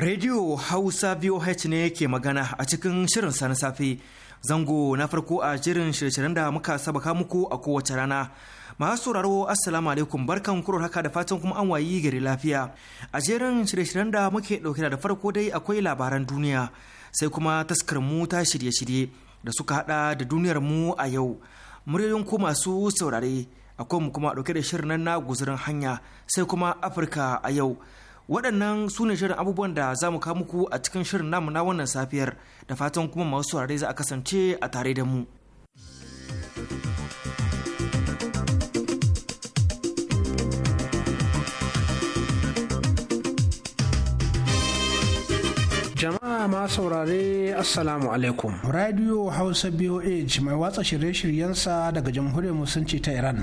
Radio Hausa VOH ne ke magana a cikin shirin sani na safe. Zango na farko a jirin shirye-shiryen da muka sabaka muku a kowace rana. Masu sauraro Assalamu alaikum barkan kuro haka da fatan kuma an wayi gari lafiya. A jerin shirye-shiryen da muke ɗauke da farko dai akwai labaran duniya sai kuma taskar mu ta shirye-shirye da suka haɗa da duniyar mu a yau. Muryoyin ku masu saurare akwai mu kuma ɗauke da shirin na guzurin hanya sai kuma Afirka a yau. waɗannan su ne shirin abubuwan da za mu kawo muku a cikin shirin namu na wannan safiyar da fatan kuma masu saurare za a kasance a tare da mu jama'a ma saurare assalamu alaikum radio hausa boh mai watsa shirye-shiryensa daga jamhuriyar musulunci ta iran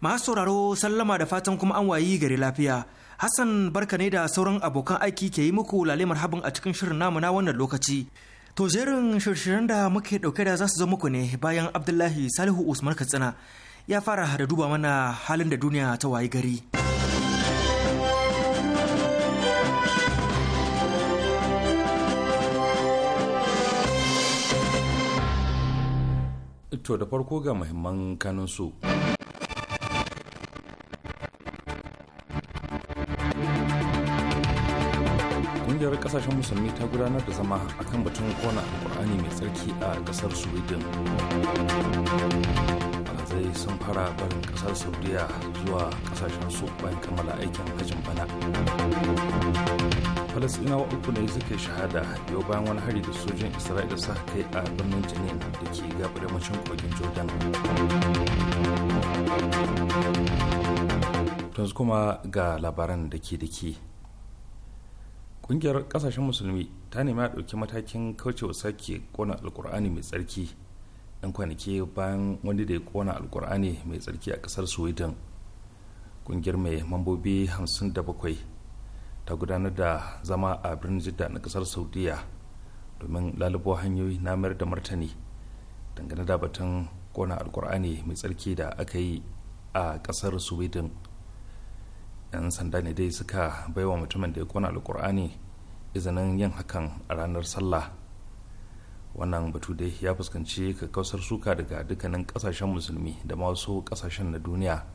Masu sauraro sallama da fatan kuma an wayi gari lafiya. Hassan barka ne da sauran abokan aiki ke yi muku lale habin a cikin shirin namu na wannan lokaci. To jerin shirshirin da muke dauke da za su zo muku ne bayan Abdullahi Salihu Usman Katsina ya fara da duba mana halin da duniya ta wayi gari. To da farko ga muhimman kanunsu. su. Ƙasashen kasashen musulmi ta gudanar da zama akan batun kona alkur'ani mai tsarki a kasar sweden zai sun fara barin kasar saudiya zuwa kasashen su bayan kammala aikin hajjin bana wa uku ne suke shahada yau bayan wani hari da sojin isra'ila sa kai a birnin janin da ke gabar yammacin kogin jordan tunzu kuma ga labaran da ke da ke kungiyar kasashen musulmi ta nemi a ɗauki matakin kaucewa sake kona alkur'ani mai tsarki yan kwanaki bayan wani da ya kona alkur'ani mai tsarki a kasar sweden kungiyar mai mambobi 57 ta gudanar da zama a birnin jidda na kasar saudiya domin lalubo hanyoyi na mayar da martani dangane da batun kona alkur'ani mai tsarki da aka yi a kasar sweden 'yan sanda ne dai suka baiwa mutumin da ya kona alkur'ani izinin yin hakan a ranar sallah wannan batu dai ya fuskanci kakkausar suka daga dukkanin kasashen musulmi da masu kasashen na duniya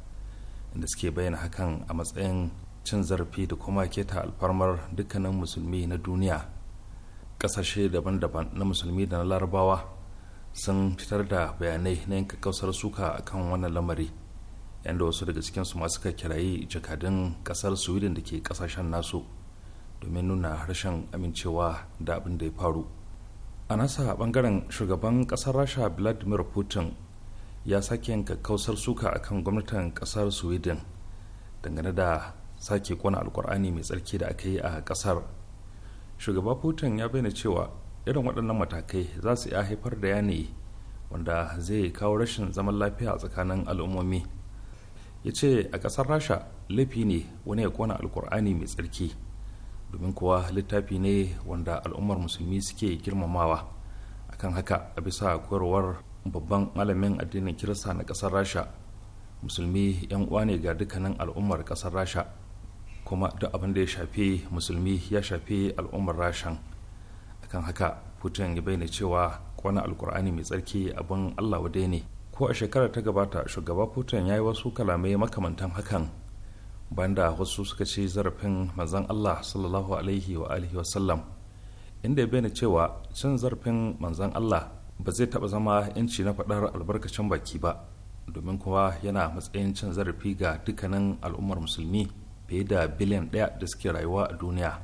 inda suke bayyana hakan a matsayin cin zarafi da kuma keta alfarmar dukkanin musulmi na duniya kasashe daban-daban na musulmi da na larabawa sun fitar da bayanai na yin kakkausar suka akan wannan lamari yadda wasu daga cikinsu masu kirayi jakadun kasar sweden da ke kasashen nasu domin nuna rashin amincewa da abin da ya faru a nasa bangaren shugaban kasar rasha vladimir putin ya sake yanka kausar suka a kan gwamnatin kasar sweden dangane da sake kona alkur'ani mai tsarki da aka yi a kasar shugaba putin ya bayyana cewa irin waɗannan matakai za su iya haifar da yanayi wanda zai kawo rashin zaman lafiya a tsakanin al'ummomi ya ce a ƙasar rasha laifi ne wani ya kona alkur'ani mai tsarki domin kuwa littafi ne wanda al'ummar musulmi suke girmamawa akan haka a bisa koyarwar babban malamin addinin kirista na kasar rasha musulmi 'yan uwa ne ga dukkanin al'ummar ƙasar rasha kuma duk abin da ya shafi musulmi ya shafi al'ummar rashan akan haka putin ya bayyana cewa kwana alkur'ani mai tsarki abin allah wade ne ko a shekarar ta gabata shugaba putin ya yi wasu kalamai makamantan hakan banda wasu suka ce zarafin manzon Allah sallallahu alaihi wa alihi wasallam inda ya bayyana cewa cin zarafin manzon Allah ba zai taɓa zama yanci na faɗar albarkacin baki ba domin kuwa yana matsayin cin zarafi ga dukkanin al'ummar musulmi fiye da biliyan ɗaya da suke rayuwa a duniya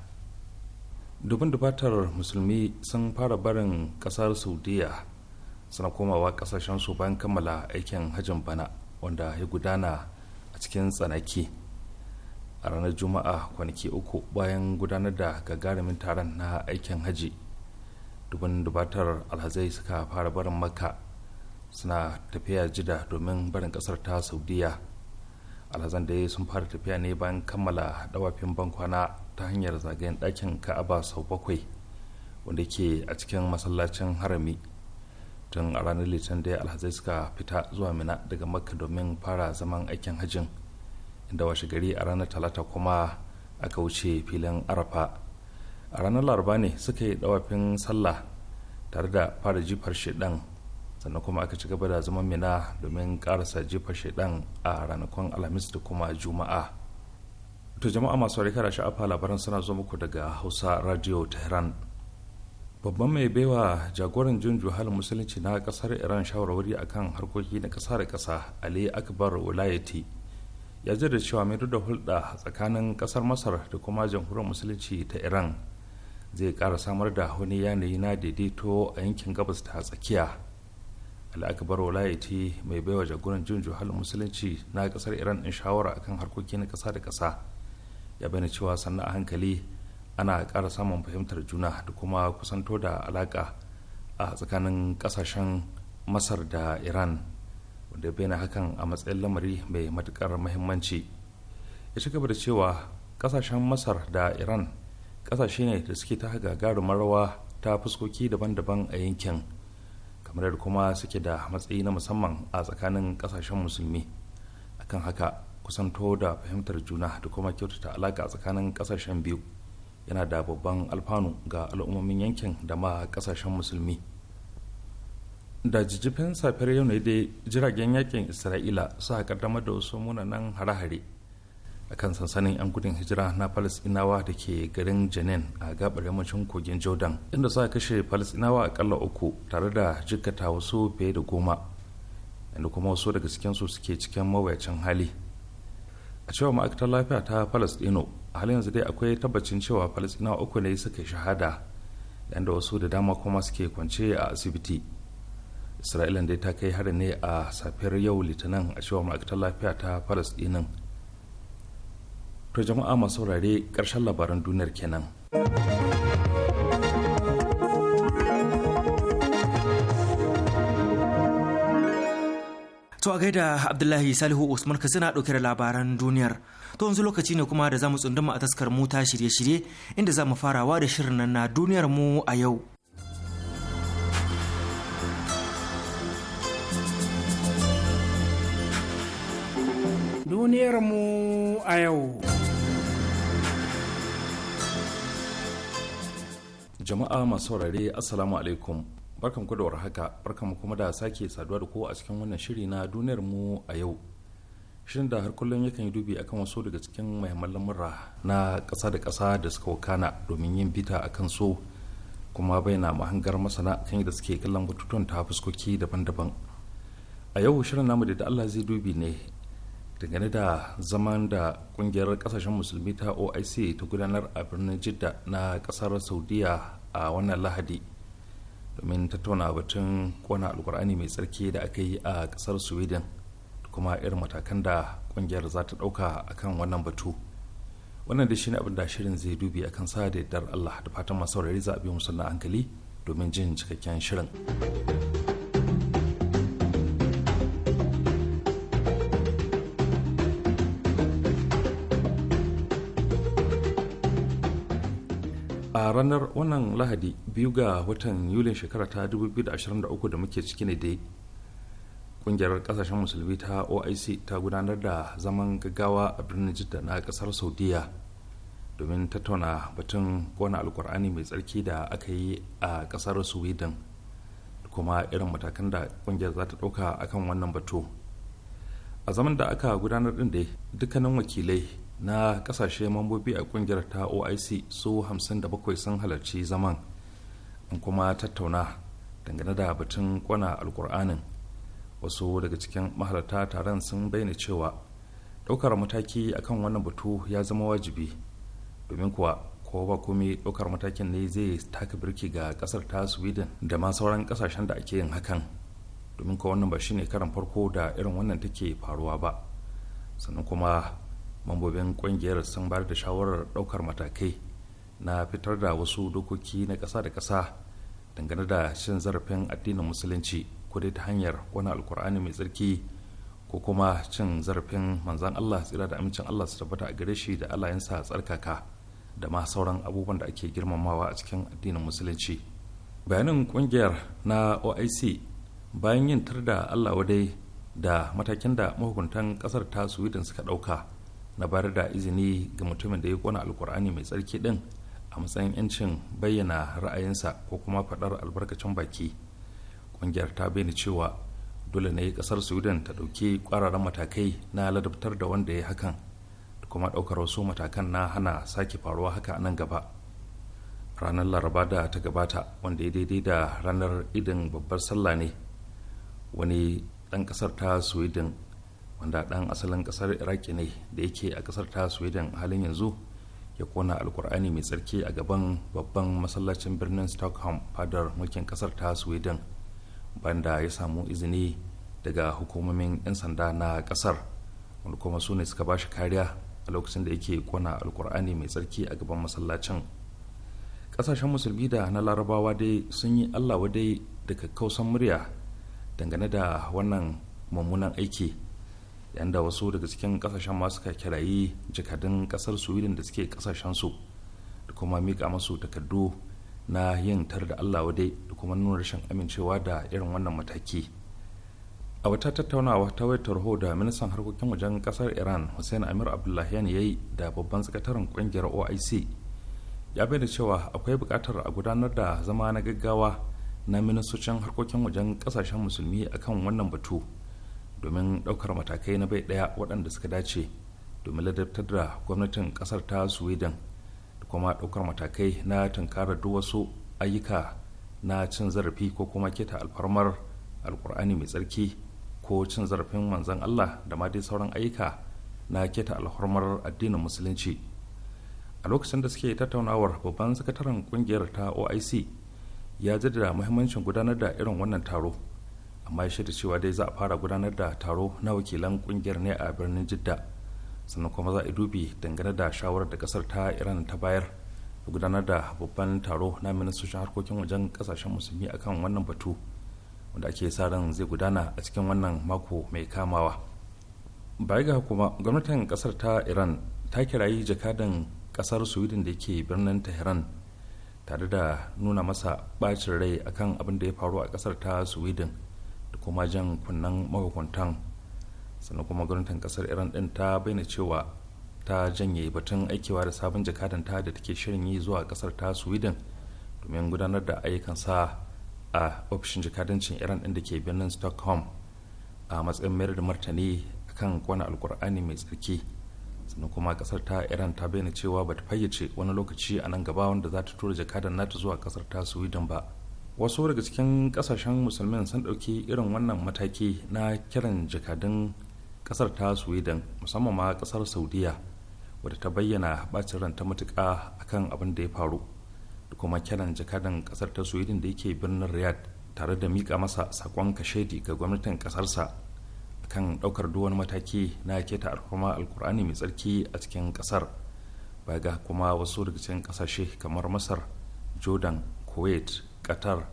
dubin dubatar musulmi sun fara barin ƙasar saudiya suna komawa su bayan kammala aikin hajjin bana wanda ya gudana a cikin tsanaki a ranar juma'a kwanaki uku bayan gudanar da gagarumin taron na aikin hajji dubin dubatar alhazai suka fara barin maka suna tafiya jida domin barin kasar ta saudiya alhazan da sun fara tafiya ne bayan kammala dawafin bankwana ta hanyar zagayen ɗakin ka'aba sau bakwai wanda ke a cikin masallacin harami tun a ranar litinin da alhazai suka fita zuwa mina daga makka domin fara zaman aikin hajjin da washe gari a ranar talata kuma aka wuce filin arafa a ranar laraba ne suka yi dawafin sallah tare da fara jifar shaidan sannan kuma aka ci gaba da zaman mina domin karasa jifar shaidan a ranakun alhamis da kuma juma'a to jama'a masu kada sha'afa labaran suna zo muku daga hausa radio tehran babban mai baiwa jagoran jin juhalin musulunci na kasar iran shawarwari akan harkoki na kasa da kasa ali akbar wulayati ya da cewa mai da hulɗa tsakanin ƙasar masar da kuma jamhuriyar musulunci ta iran zai ƙara samar da wani yanayi na daidaito a yankin gabas ta tsakiya al'akabar walayati mai baiwa jagoran jin juhalin musulunci na ƙasar iran in shawara akan harkoki na ƙasa da ƙasa ya bayyana cewa sannan a hankali ana ƙara samun fahimtar juna da kuma kusanto da alaƙa a tsakanin ƙasashen masar da iran wanda ya bayyana hakan a matsayin lamari mai matukar mahimmanci ya ci gaba da cewa kasashen masar da iran kasashe ne da suke ta gagarumar rawa ta fuskoki daban-daban a yankin kamar da kuma suke da matsayi na musamman a tsakanin kasashen musulmi akan haka kusanto da fahimtar juna da kuma kyautata alaka tsakanin kasashen biyu yana da babban alfanu ga al'ummomin yankin da ma kasashen musulmi da jijjifin safiyar yau ne dai jiragen yakin isra'ila su kaddamar da wasu munanan hare-hare a kan sansanin 'yan gudun hijira na palestinawa da ke garin janin a gabar yammacin kogin jordan inda suka kashe palestinawa akalla uku tare da jikkata wasu fiye da goma inda kuma wasu daga su suke cikin mawuyacin hali a cewa ma'aikatar lafiya ta palestino a halin yanzu dai akwai tabbacin cewa palestinawa uku ne suka shahada yadda wasu da dama kuma suke kwance a asibiti isra'ila dai ta kai hari ne a safiyar yau litinin a cewar ma'aikatar lafiya ta dinin to jama'a masu saurare ƙarshen labaran duniyar kenan To a gaida Abdullahi Salihu Usman ka suna ɗauke da labaran duniyar. To yanzu lokaci ne kuma da za mu tsunduma a taskar mu ta shirye-shirye inda za mu farawa da shirin nan na duniyar mu a yau. duniyarmu a yau. Jama'a masu saurare Assalamu alaikum. Barkan ku da warhaka, barkan kuma da sake saduwa da ku a cikin wannan shiri na duniyar mu a yau. Shirin da har kullum yakan yi dubi akan wasu daga cikin muhimman lamura na ƙasa da ƙasa da suka wakana domin yin bita a kan so kuma bayyana mahangar masana kan yadda suke kallon batutuwan ta fuskoki daban-daban. A yau shirin namu da Allah zai dubi ne dangane da zaman da kungiyar kasashen musulmi ta oic ta gudanar a birnin jidda na kasar saudiya a wannan lahadi domin tattauna batun kona alkur'ani mai tsarki da aka yi a kasar sweden kuma irin matakan da kungiyar za ta dauka akan wannan batu wannan da shine abin da shirin zai dubi akan sa da yardar allah da fatan masu saurari za a biyo musulman hankali domin jin cikakken shirin ranar wannan lahadi biyu ga watan yulin shekara ta 2023 da muke ciki ne dai kungiyar kasashen musulmi ta oic ta gudanar da zaman gaggawa a birnin jidda na kasar saudiya domin tattauna batun kona alkur'ani mai tsarki da aka yi a kasar sweden kuma irin matakan da kungiyar za ta dauka akan wannan batu a zaman da aka gudanar din dai dukkanin wakilai na kasashe mambobi a kungiyar ta oic su 57 sun halarci zaman in kuma tattauna dangane da batun kwana alkur'anin wasu daga cikin mahalarta taron sun bayyana cewa ɗaukar mataki akan wannan batu ya zama wajibi domin kuwa ko ba kome ɗaukar matakin ne zai taka birki ga ƙasar ta sweden da ma sauran ƙasashen da ake yin hakan domin kuwa wannan ba shine karan farko da irin wannan take faruwa ba sannan kuma mambobin kungiyar sun bayar da shawarar daukar matakai na fitar da wasu dokoki na ƙasa da ƙasa dangane da shin zarafin addinin musulunci ko dai ta hanyar wani alkur'ani mai tsarki ko kuma cin zarafin manzan allah tsira da amincin allah su tabbata a gare shi da alayensa tsarkaka da ma sauran abubuwan da ake girmamawa a cikin addinin musulunci bayanin kungiyar na oic bayan yin tarda da allah wadai da matakin da mahukuntan kasar ta sweden suka ɗauka na bayar da izini ga mutumin da ya kona alkur'ani mai tsarki din a matsayin 'yancin bayyana ra'ayinsa ko kuma faɗar albarkacin baki ƙungiyar ta bayyana cewa dole ne ƙasar sweden ta ɗauki ƙwararren matakai na ladabtar da wanda ya hakan da kuma ɗaukar wasu matakan na hana sake faruwa haka nan gaba ranar laraba da ta gabata wanda ya daidai da ranar idin babbar sallah ne wani ɗan ƙasar ta sweden wanda ɗan asalin ƙasar iraki ne da yake a ƙasar ta sweden halin yanzu ya kona alkur'ani mai tsarki a gaban babban masallacin birnin stockholm fadar mulkin ƙasar ta sweden banda ya samu izini daga hukumomin 'yan sanda na ƙasar wanda kuma su ne suka bashi kariya a lokacin da yake kona alkur'ani mai tsarki a gaban masallacin ƙasashen musulmi da na larabawa dai sun yi allah wadai da kakkausan murya dangane da wannan mummunan aiki yanda wasu daga cikin kasashen masu suka kirayi jakadun kasar sweden da suke kasashen su da kuma mika masu takardu na yin tar da allah wadai da kuma nuna rashin amincewa da irin wannan mataki a wata tattaunawa ta wayar tarho da ministan harkokin wajen kasar iran hussein amir abdullahian ya yi da babban sakataren kungiyar oic ya bayyana cewa akwai buƙatar a gudanar da zama na gaggawa na ministocin harkokin wajen kasashen musulmi akan wannan batu domin ɗaukar matakai na bai ɗaya waɗanda suka dace domin ladabtar da gwamnatin ƙasar ta sweden da kuma ɗaukar matakai na tunkarar duk wasu ayyuka na cin zarafi ko kuma keta alfarmar alkur'ani mai tsarki ko cin zarafin manzon allah da ma dai sauran ayyuka na keta alfarmar addinin musulunci a lokacin da suke tattaunawar babban sakataren kungiyar ta oic ya jaddada muhimmancin gudanar da irin wannan taro amma ya shirya cewa dai za a fara gudanar da taro na wakilan kungiyar ne a birnin jidda sannan kuma za a dubi dangane da shawarar da kasar ta iran ta bayar da gudanar da babban taro na ministocin harkokin wajen kasashen musulmi akan wannan batu wanda ake sa ran zai gudana a cikin wannan mako mai kamawa baya ga kuma gwamnatin kasar ta iran ta kirayi jakadan kasar sweden da ke birnin tehran tare da nuna masa bacin rai akan abin da ya faru a kasar ta sweden da kuma jan kunnen mahukuntan sannan kuma gwamnatin kasar iran din ta bayyana cewa ta janye batun aikewa da sabon jakadanta da take shirin yi zuwa kasar ta sweden domin gudanar da ayyukan sa a ofishin jakadancin iran din da ke birnin stockholm a matsayin mayar da martani kan kwana alkur'ani mai tsarki sannan kuma kasar ta iran ta bayyana cewa bata fayyace wani lokaci a nan gaba wanda za ta tura jakadan nata zuwa kasar ta sweden ba wasu daga cikin kasashen musulmin sun ɗauki irin wannan mataki na kiran jakadun kasar ta sweden musamman ma kasar saudiya wadda ta bayyana bacin ran ta matuƙa akan abin da ya faru da kuma kiran jakadan kasar ta sweden da yake birnin riyad tare da mika masa sakon kashedi ga gwamnatin kasarsa kan daukar duwan mataki na keta alfama alkur'ani mai tsarki a cikin kasar ga kuma wasu daga cikin kasashe kamar masar jordan kuwait qatar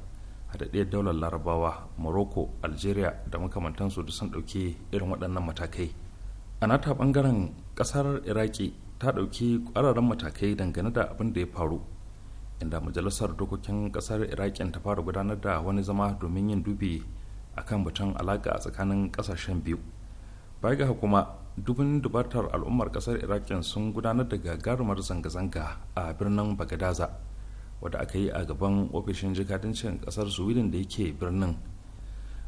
haɗaɗɗiyar daular larabawa morocco algeria da makamantansu da sun ɗauki irin waɗannan matakai a nata ɓangaren ƙasar iraki ta ɗauki ƙwararren matakai dangane da abin da ya faru inda majalisar dokokin ƙasar iraki ta fara gudanar da wani zama domin yin dubi a kan batun alaƙa a tsakanin ƙasashen biyu baya ga kuma dubin dubatar al'ummar ƙasar iraki sun gudanar da gagarumar zanga-zanga a birnin bagadaza wadda aka yi a gaban ofishin jikadancin kasar sweden da yake birnin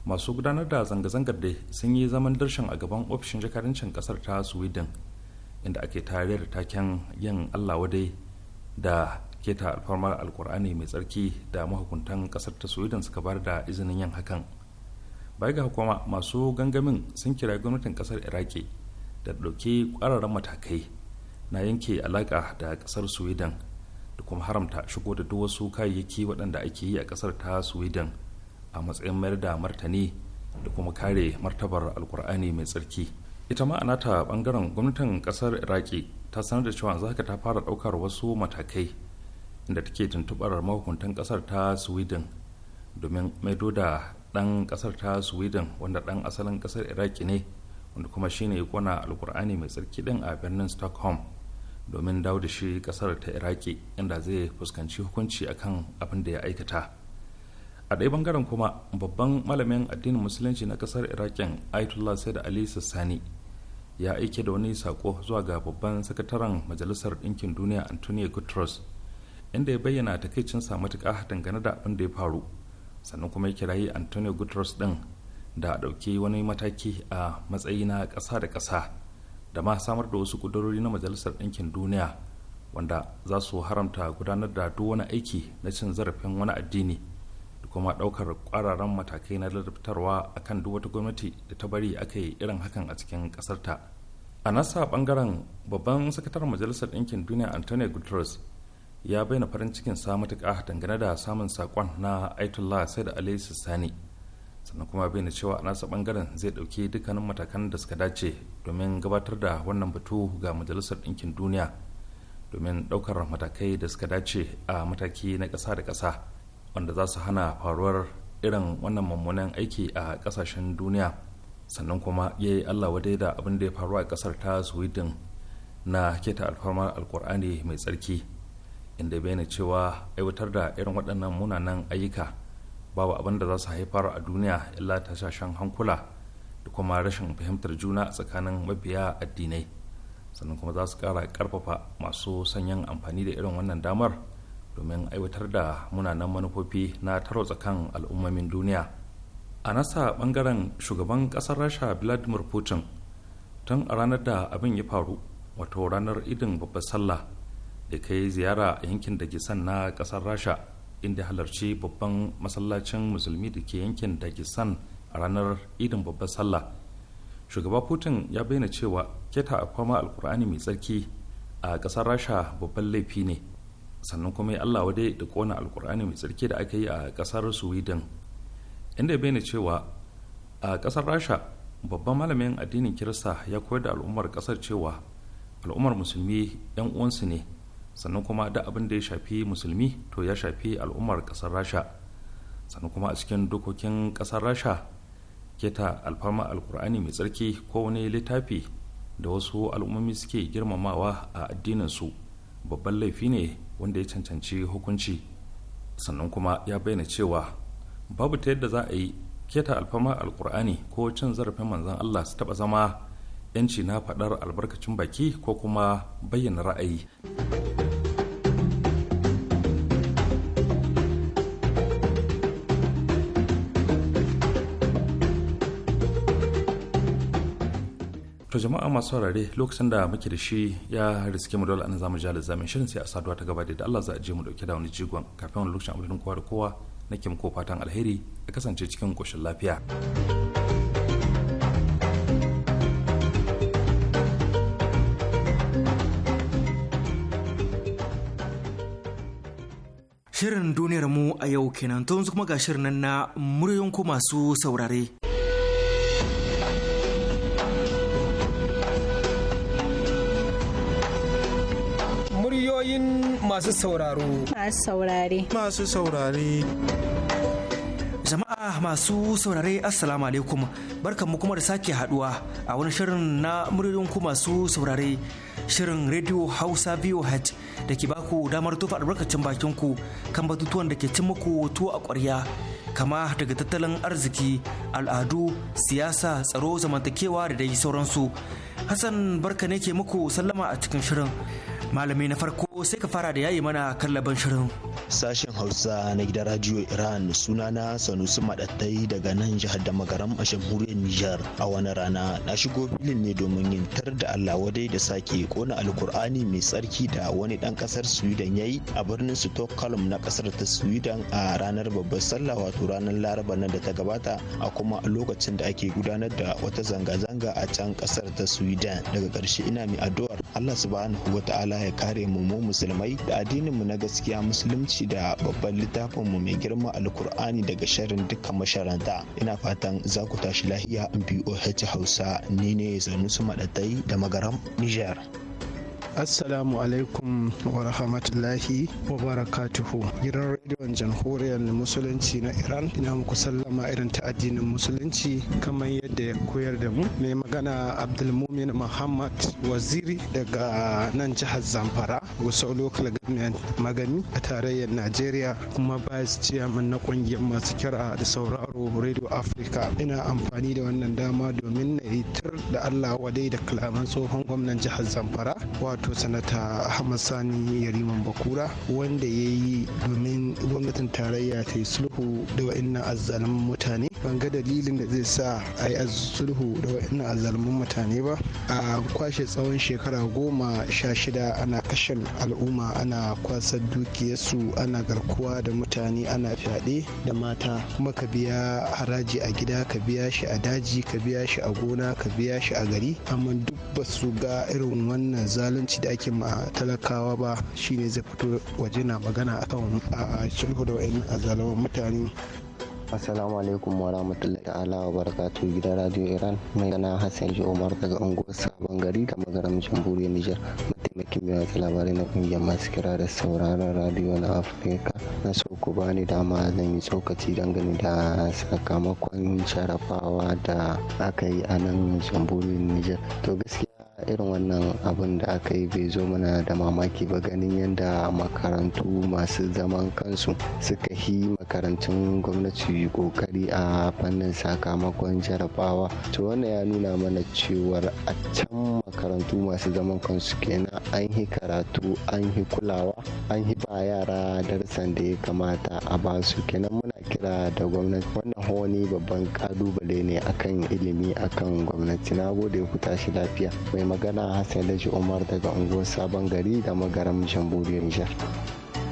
masu gudanar da zanga-zangar da sun yi zaman darshan a gaban ofishin jikadancin kasar ta sweden inda ake tare da taken yin allah wadai da keta alfarmar alkur'ani mai tsarki da mahukuntan kasar ta sweden suka bar da izinin yin hakan bai ga hukuma masu gangamin sun kira gwamnatin kasar iraki da ɗauki ƙwararren matakai na yanke alaƙa da kasar sweden da kuma haramta shigo da duk wasu kayayyaki waɗanda ake yi a ƙasar ta sweden a matsayin mayar da martani da kuma kare martabar alkur'ani mai tsarki ita ma ana ta bangaren gwamnatin ƙasar iraki ta sanar da cewa zaka ta fara ɗaukar wasu matakai inda take tuntuɓar mahukuntan ƙasar ta sweden domin maido da ɗan ƙasar ta sweden wanda ɗan asalin ƙasar iraki ne wanda kuma shine ya kona alkur'ani mai tsarki ɗin a birnin stockholm domin dawo da shi kasar ta iraki inda zai fuskanci hukunci akan abin da ya aikata a ɗaya bangaren kuma babban malamin addinin musulunci na kasar irakin ayatollah said ali sassani ya aike da wani sako zuwa ga babban sakataren majalisar ɗinkin duniya antonio guterres inda ya bayyana sa matuƙa dangane da abin da ya faru sannan kuma ya kirayi antonio guterres ɗin da a ɗauki wani mataki a matsayi na ƙasa da ƙasa da ma samar da wasu ƙudurori na majalisar ɗinkin duniya wanda za su haramta gudanar da duk wani aiki na cin zarafin wani addini da kuma ɗaukar ƙwararren matakai na ladabtarwa akan duk wata gwamnati da ta bari aka yi irin hakan a cikin ƙasarta a nasa ɓangaren babban sakataren majalisar ɗinkin duniya antonio guterres ya bayyana farin cikin sa matuƙa dangane da samun saƙon na aitullah da alayhi sani sannan kuma bai na cewa a nasa bangaren zai dauki dukkanin matakan da suka dace domin gabatar da wannan batu ga majalisar ɗinkin duniya domin ɗaukar matakai da suka dace a mataki na ƙasa da ƙasa wanda za su hana faruwar irin wannan mummunan aiki a ƙasashen duniya sannan kuma ya yi allah wadai da abin da ya faru a ƙasar ta sweden na keta alfarmar alkur'ani mai tsarki inda na cewa aiwatar da irin waɗannan munanan ayyuka babu abin da za su haifar a duniya illa tashashen hankula da kuma rashin fahimtar juna tsakanin mabiya addinai sannan kuma za su kara karfafa masu sanyin amfani da irin wannan damar domin aiwatar da munanan manufofi na taro tsakan al'ummomin duniya a nasa bangaren shugaban kasar rasha vladimir putin tun a ranar da abin ya faru wato ranar idin babbar sallah da kai ziyara a yankin da gisan na kasar rasha inda halarci babban masallacin musulmi da ke yankin dagestan a ranar idin babbar sallah shugaba putin ya bayyana cewa keta a kwama alkur'ani mai tsarki a ƙasar rasha babban laifi ne sannan kuma ya allah wadai da kona alkur'ani mai tsarki da aka yi a ƙasar sweden inda ya bayyana cewa a ƙasar rasha babban malamin addinin kirista ya koyar da al'ummar ƙasar cewa al'ummar musulmi 'yan uwansu ne sannan kuma duk abin da ya shafi musulmi to ya shafi al'ummar ƙasar rasha sannan kuma a cikin dokokin ƙasar rasha keta alfama alkur'ani mai tsarki ko wani littafi da wasu al'ummomi suke girmamawa a addininsu babban laifi ne wanda ya cancanci hukunci sannan kuma ya bayyana cewa babu ta yadda za a yi keta alfama alkur'ani ko cin zarafin manzon allah su taɓa zama 'yanci na faɗar albarkacin baki ko kuma bayyana ra'ayi to jama'a masu saurare lokacin da muke da shi ya riske mu dole an zamu ji zamin shirin sai a saduwa ta gaba da Allah za a je mu dauke da wani jigon kafin wani lokacin abudin kowa da kowa nake muku fatan alheri a kasance cikin koshin lafiya. Shirin duniyar mu a yau kenan to yanzu kuma ga shirin nan na muryoyin ku masu saurare. Muryoyin masu sauraro. Masu saurare. Masu saurare. Jama'a masu saurare Assalamu alaikum barkanmu kuma da sake haduwa a wani shirin na muryoyin ku masu saurare shirin Radio Hausa VOH da ke ba ku damar tufa albarkacin bakin ku kan batutuwan da ke cin muku tuwo a ƙwarya kama daga tattalin arziki al'adu siyasa tsaro zamantakewa da dai sauransu hassan barka ne ke muku sallama a cikin shirin malami na farko sai ka fara da yayi mana kallaban shirin sashen hausa na gidan radio iran sunana sanusi madattai daga nan jihar da magaram a jamhuriyar nijar a wani rana na shigo filin ne domin yin tar da allah wadai da sake kona alkur'ani mai tsarki da wani dan kasar sweden yayi a birnin stockholm na kasar ta sweden a ranar babbar sallah wato ranar laraba nan da ta gabata a kuma a lokacin da ake gudanar da wata zanga-zanga a can kasar ta sweden daga karshe ina mai addu'ar allah subhanahu wataala Allah ya kare mu mu musulmai da addinin mu na gaskiya musulunci da babban littafin mu mai girma alkur'ani daga sharrin dukkan masharanta ina fatan za ku tashi lahiya boh hausa ni ne zanu su maɗatai da magaram niger Assalamu alaikum wa rahmatullahi wa barakatuhu. Gidan rediyon jamhuriyar musulunci na Iran ina muku sallama irin ta addinin musulunci kamar yadda ya koyar da mu. Mai magana Abdulmumin Muhammad Waziri daga nan jihar Zamfara, wasu Local Government Magani a tarayyar Najeriya kuma vice chairman na kungiyar masu kira da sauraro Radio Africa. Ina amfani da wannan dama domin na yi tur da Allah wadai da kalaman tsohon gwamnan jihar Zamfara. wato sanata ahmad sani yariman bakura wanda ya yi domin gwamnatin tarayya ta yi sulhu da wa'annan azzalumin mutane ban ga dalilin da zai sa a yi sulhu da wa'annan azzalumin mutane ba a kwashe tsawon shekara goma sha shida ana kashin al'umma ana kwasar dukiyarsu ana garkuwa da mutane ana fyaɗe da mata kuma ka biya haraji a gida ka biya shi a daji ka biya shi a gona ka biya shi a gari amma duk ba su ga irin wannan zalunci zalunci da ake ma talakawa ba shine zai fito waje na magana akan a shirhu da wa'in azalaman mutane Assalamu alaikum wa rahmatullahi ta'ala wa barakatu gidan Radio Iran mai gana Hassan Ji Umar daga unguwar Sabon Gari da magaram buri Nijar mataimakin mai watsa labarai na kungiyar masu kira da sauraron radio na Afirka na so ku bani dama zan yi tsokaci dangane da sakamakon sharafawa da aka yi a nan Jamhuriyar Nijar to gaskiya irin wannan abin da aka yi bai zo mana da mamaki ba ganin yadda makarantu masu zaman kansu suka yi makarantun gwamnati kokari a fannin sakamakon jarabawa to wannan ya nuna mana cewar a can makarantu masu zaman kansu kenan an yi karatu an yi kulawa an yi ba yara darsan da ya kamata a ba su kenan muna kira da gwamnati wannan wani babban ƙalubale ne akan ilimi akan gwamnati na gode ku tashi lafiya magana Hassan Laji Umar daga unguwar Sabon Gari da magaram Jamhuriyar Nijar.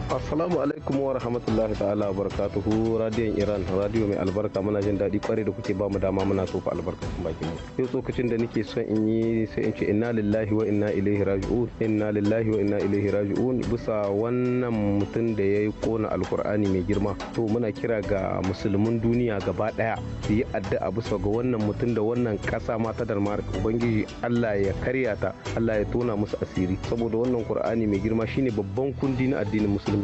Assalamu alaikum wa rahmatullahi ta'ala wa barakatuhu radiyon Iran radiyo mai albarka muna jin daɗi kwarai da kuke ba mu dama muna tofa albarkacin baki mu. Yau tsokacin da nake son in yi sai in ce inna lillahi wa inna ilaihi raji'un inna lillahi wa inna ilaihi raji'un bisa wannan mutum da ya yi kona alkur'ani mai girma to muna kira ga musulmin duniya gaba ɗaya su yi addu'a bisa ga wannan mutum da wannan ƙasa ta dalmar ubangiji Allah ya karya ta Allah ya tona musu asiri saboda wannan Qur'ani mai girma shine babban kundi na addinin musulmi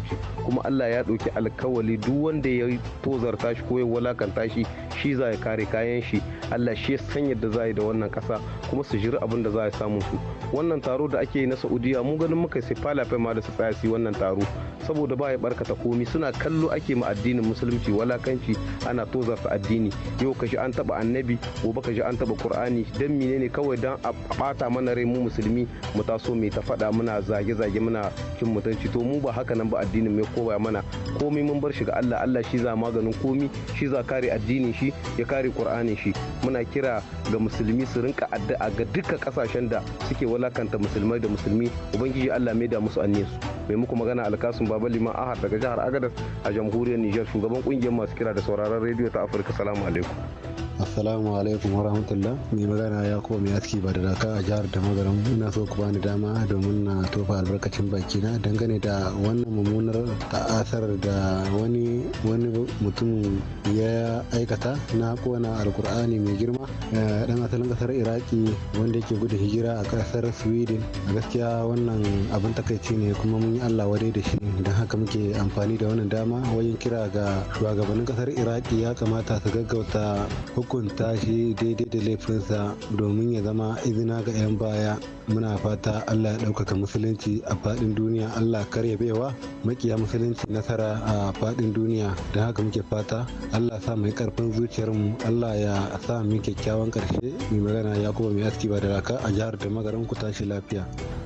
kuma Allah ya ɗauki alkawali duk wanda ya tozarta shi ko ya walakanta shi shi za ya kare kayan shi Allah shi ya san yadda za yi da wannan ƙasa kuma su jira abin da za a samu su wannan taro da ake yi na Saudiya mu ganin muka sai falafai ma da su tsaya su wannan taro saboda ba ya barkata komi suna kallo ake ma addinin musulunci walakanci ana tozarta addini yau ka ji an taba annabi gobe ka ji an taba qur'ani dan menene kawai dan a bata mana rai mu musulmi mu taso mai ta faɗa muna zage-zage muna cin mutunci to mu ba haka nan ba addinin mai ko baya mana komai mun bar shi ga Allah Allah shi za maganin komi shi za kare addinin shi ya kare Qur'anin shi muna kira ga musulmi su rinka addu'a ga dukkan kasashen da suke walakanta musulmai da musulmi ubangiji Allah mai da musu annisu mai muku magana alkasun baba liman ahar daga jihar agadar a jamhuriyar niger shugaban kungiyar masu kira da sauraron rediyo ta afirka salamu alaikum assalamu alaikum wa rahmatullah mai magana ya kuma mai aski ba da raka a jihar da magaran ina so ku bani dama domin na tofa albarkacin baki na dangane da wannan mummunan mummunar ta'asar da wani wani mutum ya aikata na kona alkur'ani mai girma eh, dan asalin kasar iraki wanda yake gudun hijira a kasar sweden a gaskiya wannan abin takaici ne kuma mun yi allah wadai da shi don haka muke amfani da wannan dama wajen kira ga shugabannin kasar iraki ya kamata su gaggauta hukunta shi daidai da laifinsa domin ya zama izina ga 'yan baya muna fata allah ya ɗaukaka musulunci a faɗin duniya allah kar ya baiwa makiya musulunci nasara a faɗin duniya da haka muke fata allah sa mai karfin zuciyar mu allah ya sa mu kyakkyawan karshe mai magana ya kuma mai aski ba da raka a jihar da magaran ku tashi lafiya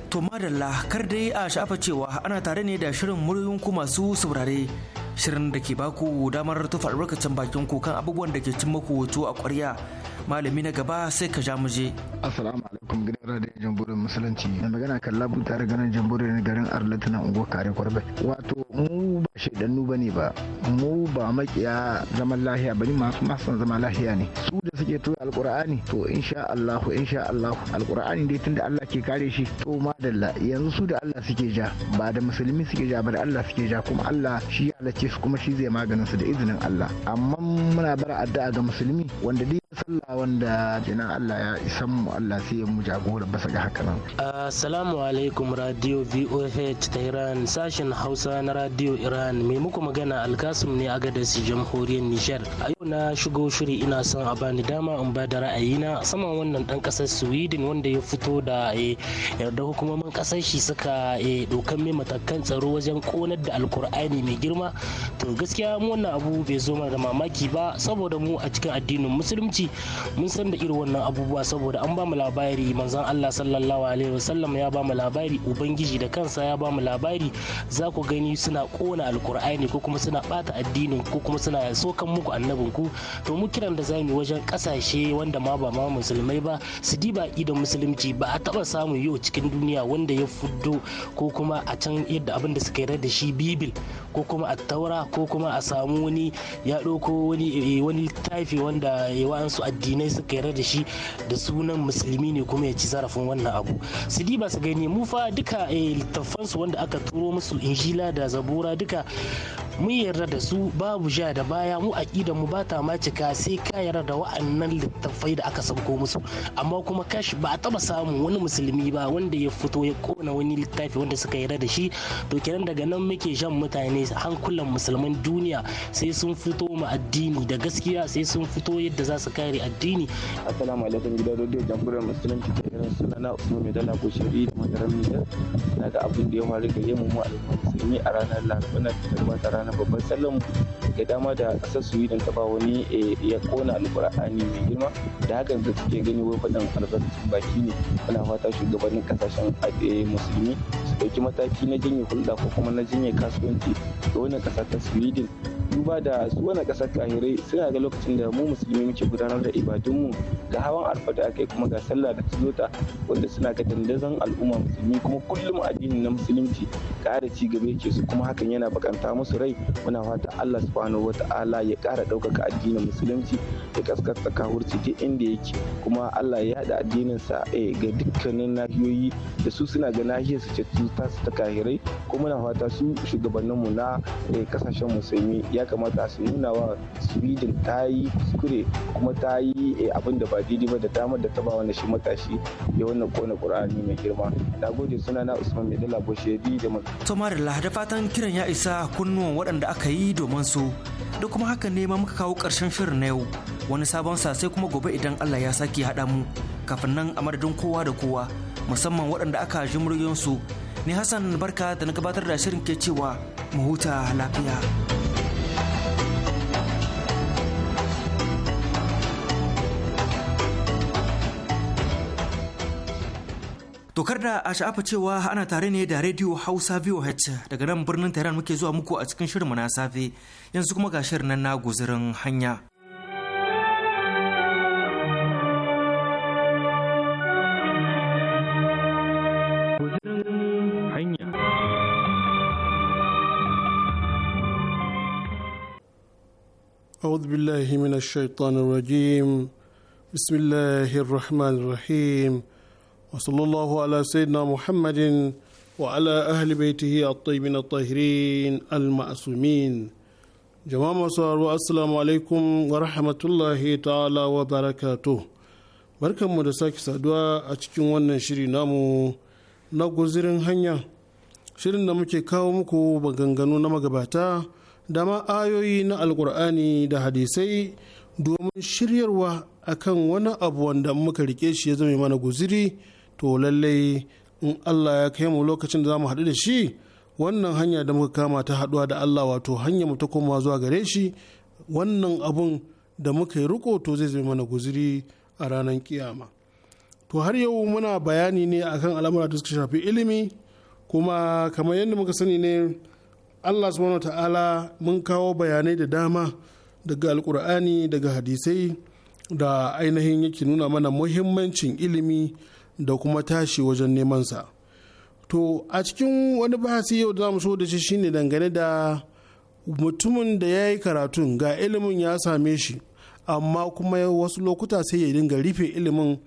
to madalla kar dai a sha'afa cewa ana tare ne da shirin muryoyin ku masu saurare shirin da ke baku damar tufa albarkacin bakin ku kan abubuwan da ke cin muku a kwarya. malami na gaba sai ka ja muje assalamu alaikum gidan radiyon jamhuriyar musulunci na magana kan labu tare ganin jamhuriyar garin arlatina na kare kwarbe wato mu ba shaidannu ba ne ba mu ba makiya zaman lahiya ba ni masu masan zama lahiya ne su da suke tura alkur'ani to insha Allah insha Allah alkur'ani dai tunda Allah ke kare shi to madalla yanzu su da Allah suke ja ba da musulmi suke ja ba da Allah suke ja kuma Allah shi ya su kuma shi zai maganin su da izinin Allah amma muna bara addu'a ga musulmi wanda dai sallah wanda jina Allah ya isan mu Allah sai mu jagora ba ga haka nan. Assalamu alaikum radio VOH Tehran sashen Hausa na radio Iran mai muku magana Alkasim ne aga da jamhuriyar Nijar. A yau na shigo shiri ina son a bani dama in ba da ra'ayina saman wannan dan kasar Sweden wanda ya fito da yarda eh, hukumomin kasar shi suka dokan eh, mai matakan tsaro wajen konar da alkur'ani mai girma to gaskiya mu wannan abu bai zo mana da mamaki ba saboda mu a cikin addinin musulunci kiristoci mun san da irin wannan abubuwa saboda an ba mu labari manzon Allah sallallahu alaihi wasallam ya ba mu labari ubangiji da kansa ya ba mu labari za ku gani suna kona alkur'ani ko kuma suna bata addinin ko kuma suna sokan muku annabin ku to mu kiran da zamu wajen kasashe wanda ma ba ma musulmai ba su diba idan musulunci ba a taba samu yau cikin duniya wanda ya fuddo ko kuma a can yadda abin da suka yarda da shi bibil ko kuma a taura ko kuma a samu wani ya ɗauko wani eh, littafi wanda ya waɗansu addinai suka yarda da shi da sunan musulmi ne kuma ya ci zarafin wannan abu su diba su gani mu fa duka eh, littafansu wanda aka turo musu injila da zabura duka mun yarda da su babu sha da baya mu aƙidan mu ba ta ma cika sai ka yarda da wa'annan littattafai da aka sauko musu amma kuma kashi ba a taba samun wani musulmi ba wanda ya fito ya kona wani littafi wanda suka yarda da shi to kenan daga nan muke jan mutane hankulan musulman duniya sai sun fito mu addini da gaskiya sai sun fito yadda za su kare addini assalamu alaikum gidan rediyo jamhuriyar musulunci ta irin suna na usman mai dala shari'i da madaran nijar na ga abin da ya faru gare mu mu al'umma musulmi a ranar laraba na ta ranar na babban sallan ga dama da kasar sweden ta taba wani eh, ya kona alkur'ani mai girma da haka da suke gani wai faɗin albarkacin baki ne muna fata shugabannin kasashen eh, musulmi su ɗauki mataki na jinya hulɗa ko kuma na janye kasuwanci da wani ƙasa ta sweden duba da su wani ƙasar kahirai suna ga lokacin da mu musulmi muke gudanar da ibadunmu ga hawan alfa da aka yi kuma ga sallah da tuzota wanda suna ga dandazon al'umma musulmi kuma kullum addini na musulunci ƙara ci gaba yake su kuma hakan yana bakanta musu rai muna fata Allah subhanahu wata'ala ya kara ɗaukaka addinin musulunci ya kaskasta kahurci duk inda yake kuma Allah ya haɗa addinin sa eh, ga dukkanin nahiyoyi da su suna ga nahiyar su ce su ta su ta kahirai kuma muna fata su shugabanninmu na kasashen eh, musulmi ya kamata su nuna wa Sweden ta yi kuskure kuma ta yi eh, abin da ba daidai ba da damar da ta ba wani shi matashi ya wannan kona Qur'ani mai girma. Na gode suna na Usman Medela Boshedi da Tomar da fatan kiran ya isa kunnuwan waɗanda aka yi domin su da kuma haka ne ma muka kawo ƙarshen shirin na yau wani sabon sa sai kuma gobe idan Allah ya sake haɗa mu kafin nan a madadin kowa da kowa musamman waɗanda aka ji muryoyinsu ni Hassan barka da na gabatar da shirin ke cewa mu huta lafiya. Tokar da a sha'afa cewa ana tare ne da Radio Hausa VOH daga nan birnin Tehran muke zuwa muku a cikin shirinmu na safe yanzu kuma ga shirin nan na guzurin hanya. أعوذ بالله من الشيطان الرجيم بسم الله الرحمن الرحيم وصلى wa على سيدنا محمد وعلى أهل بيته الطيبين الطاهرين المعصومين jama'a masu haro assalamu alaikum wa rahmatullahi ta'ala wa barakatu barkanmu da sake saduwa a cikin wannan shiri namu na guzirin hanya shirin da muke kawo muku baganganu na magabata da ma ayoyi na alkur'ani da hadisai domin shiryarwa akan wani abu wanda muka rike shi ya zama mana guziri to lallai in Allah ya kai mu lokacin da za mu haɗu da shi wannan hanya da muka kama ta haɗuwa da Allah wato hanya mu ta koma zuwa gare shi wannan abun da muka yi riko to zai zai mana guziri a ranar kiyama to har yau muna bayani ne akan al'amura da suka shafi ilimi kuma kamar yadda muka sani ne Allah subhanahu ta'ala mun kawo bayanai da dama daga alkur'ani daga hadisai da ainihin yake nuna mana muhimmancin ilimi da kuma tashi wajen nemansa to a cikin wani bahasi yau da mu so da shi shine dangane da mutumin da ya yi karatun ga ilimin ya same shi amma kuma wasu lokuta sai ya dinga rufe ilimin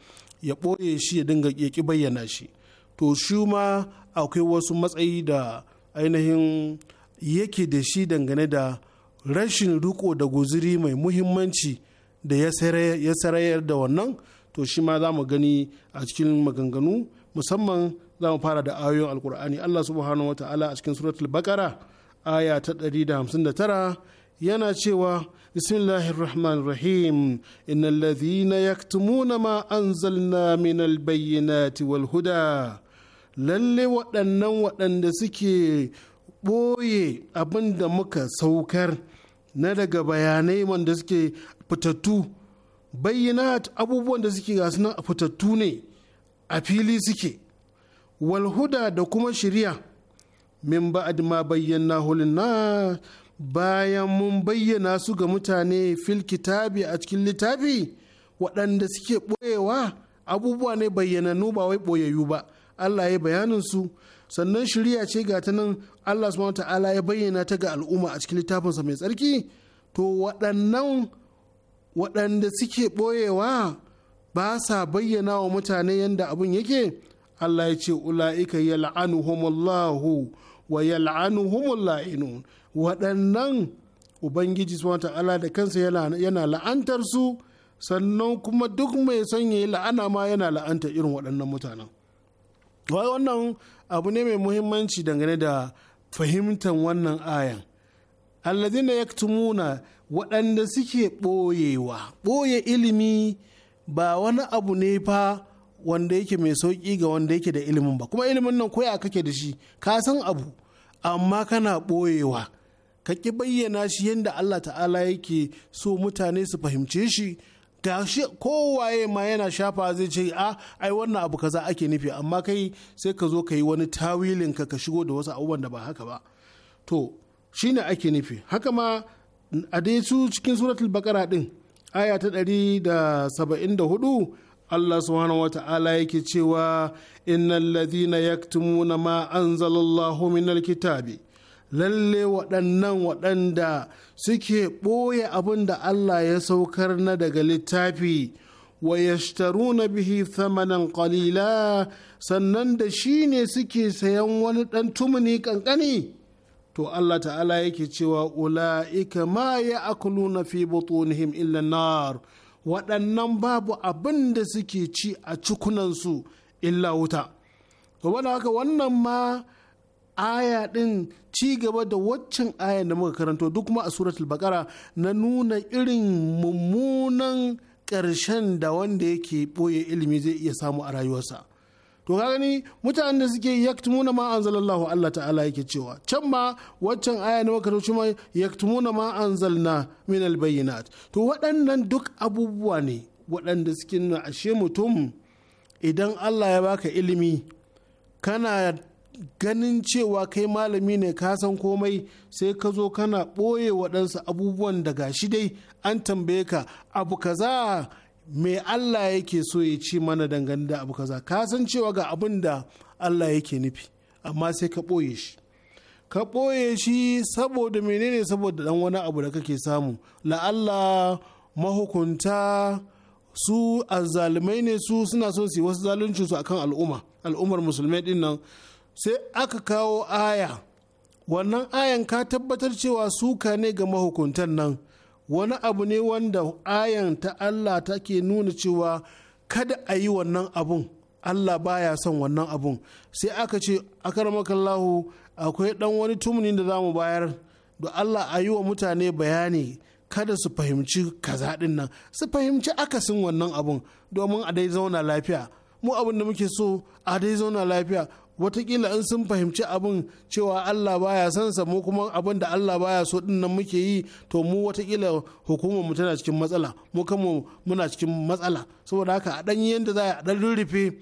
ya ɓoye shi ya dinga ƙi bayyana shi to shi ma akwai wasu matsayi da ainihin yake da shi dangane da rashin riko da guziri mai muhimmanci da ya sarayar da wannan to shi ma za mu gani a cikin maganganu musamman za mu fara da ayoyin alkur'ani Allah subhanahu wa ta'ala a cikin suratul bakara aya ta 159 yana cewa bismillahir rahim innal ladhina yaktumuna ma anzalna minal bayyinati wal huda lalle waɗannan waɗanda suke ɓoye abin da muka saukar na daga bayanai wanda suke fitattu bayyana abubuwan da suke gasu nan a fitattu ne a fili suke walhuda da kuma shirya min ba'ad ma bayyana na bayan mun bayyana su ga mutane fil a cikin littafi waɗanda suke ɓoyewa abubuwa ne bayyananu ba wai ɓoyayyu ba Allah ya bayanin su sannan shirya ce ga ta nan Allah subhanahu ta'ala ya bayyana ta ga al'umma a cikin littafinsa mai tsarki to waɗannan waɗanda suke ɓoyewa ba sa bayyana wa mutane yadda abin yake Allah ya ce ula'ika yal'anuhumullahu wa la'anu waɗannan ubangiji wata ala da kansa yana la'antar su sannan kuma duk mai son yayi la'ana ma yana la'anta irin waɗannan mutanen wai wannan abu ne mai muhimmanci dangane da fahimtar wannan ayan allazina yaktumuna waɗanda suke ɓoyewa ɓoye ilimi ba wani abu ne fa wanda yake mai sauƙi ga wanda yake da ilimin ba kuma ilimin nan koya kake da shi ka san abu amma kana ɓoyewa ka ki bayyana shi yadda Allah ta'ala yake so mutane su fahimce shi ta shi kowaye ma yana shafa zai ce a ai wannan abu kaza ake nufi amma kai sai ka zo ka yi wani tawilin ka ka shigo da wasu abubuwan da ba haka ba to shine ake nufi haka ma a dai su cikin suratul bakara din aya ta hudu, Allah subhanahu wa ta'ala yake cewa innal ladhina yaktumuna ma anzalallahu minal kitabi lalle waɗannan waɗanda suke ɓoye abin da Allah ya saukar na daga littafi wa yashtaruna bihi thamanan qalila sannan da shi ne suke sayan wani ɗan tumuni ƙanƙani to Allah ta'ala yake cewa ula'ika ma ya na fi butunihim illa nar waɗannan babu abin da suke ci a cikunansu illa wuta da haka wannan ma aya ɗin ci gaba da waccan aya da muka karanto duk kuma a suratul bakara na nuna irin mummunan ƙarshen da wanda yake ɓoye ilimi zai iya samu a rayuwarsa to ka gani mutanen da suke yaktumuna ma anzalallahu Allah ta'ala yake cewa can ma waccan aya na makarauci ma yaktumuna ma anzalna min albayyinat to waɗannan duk abubuwa ne waɗanda suke nuna ashe mutum idan Allah ya baka ilimi kana ganin cewa kai malami ne ka san komai sai ka zo kana ɓoye waɗansu abubuwan da gashi dai an tambaye ka abu kaza me Allah yake so ya ci mana dangane da abu kaza ka san cewa ga abin da Allah yake nufi amma sai ka ɓoye shi ka ɓoye shi saboda menene saboda dan wani abu da kake samu la'alla mahukunta su azzalumai ne su suna son su wasu zalunci su akan al'umma al'ummar musulmai din nan sai aka kawo aya wannan ayan ka tabbatar cewa suka ne ga mahukuntan nan wani abu ne wanda ayan ta Allah take nuna cewa kada a yi wannan abun Allah baya son wannan abun sai aka ce akarmakallahu akwai dan wani tumuni da za mu bayar da Allah a yi wa mutane bayani kada su fahimci kaza din nan su fahimci akasin wannan abun domin a dai zauna lafiya mu abin da muke so a dai zauna lafiya watakila in sun fahimci abin cewa Allah baya son sa mu kuma abin da Allah baya so din nan muke yi to mu watakila hukumar mu tana cikin matsala mu kanmu muna cikin matsala saboda haka a dan yanda za a dan rurrufe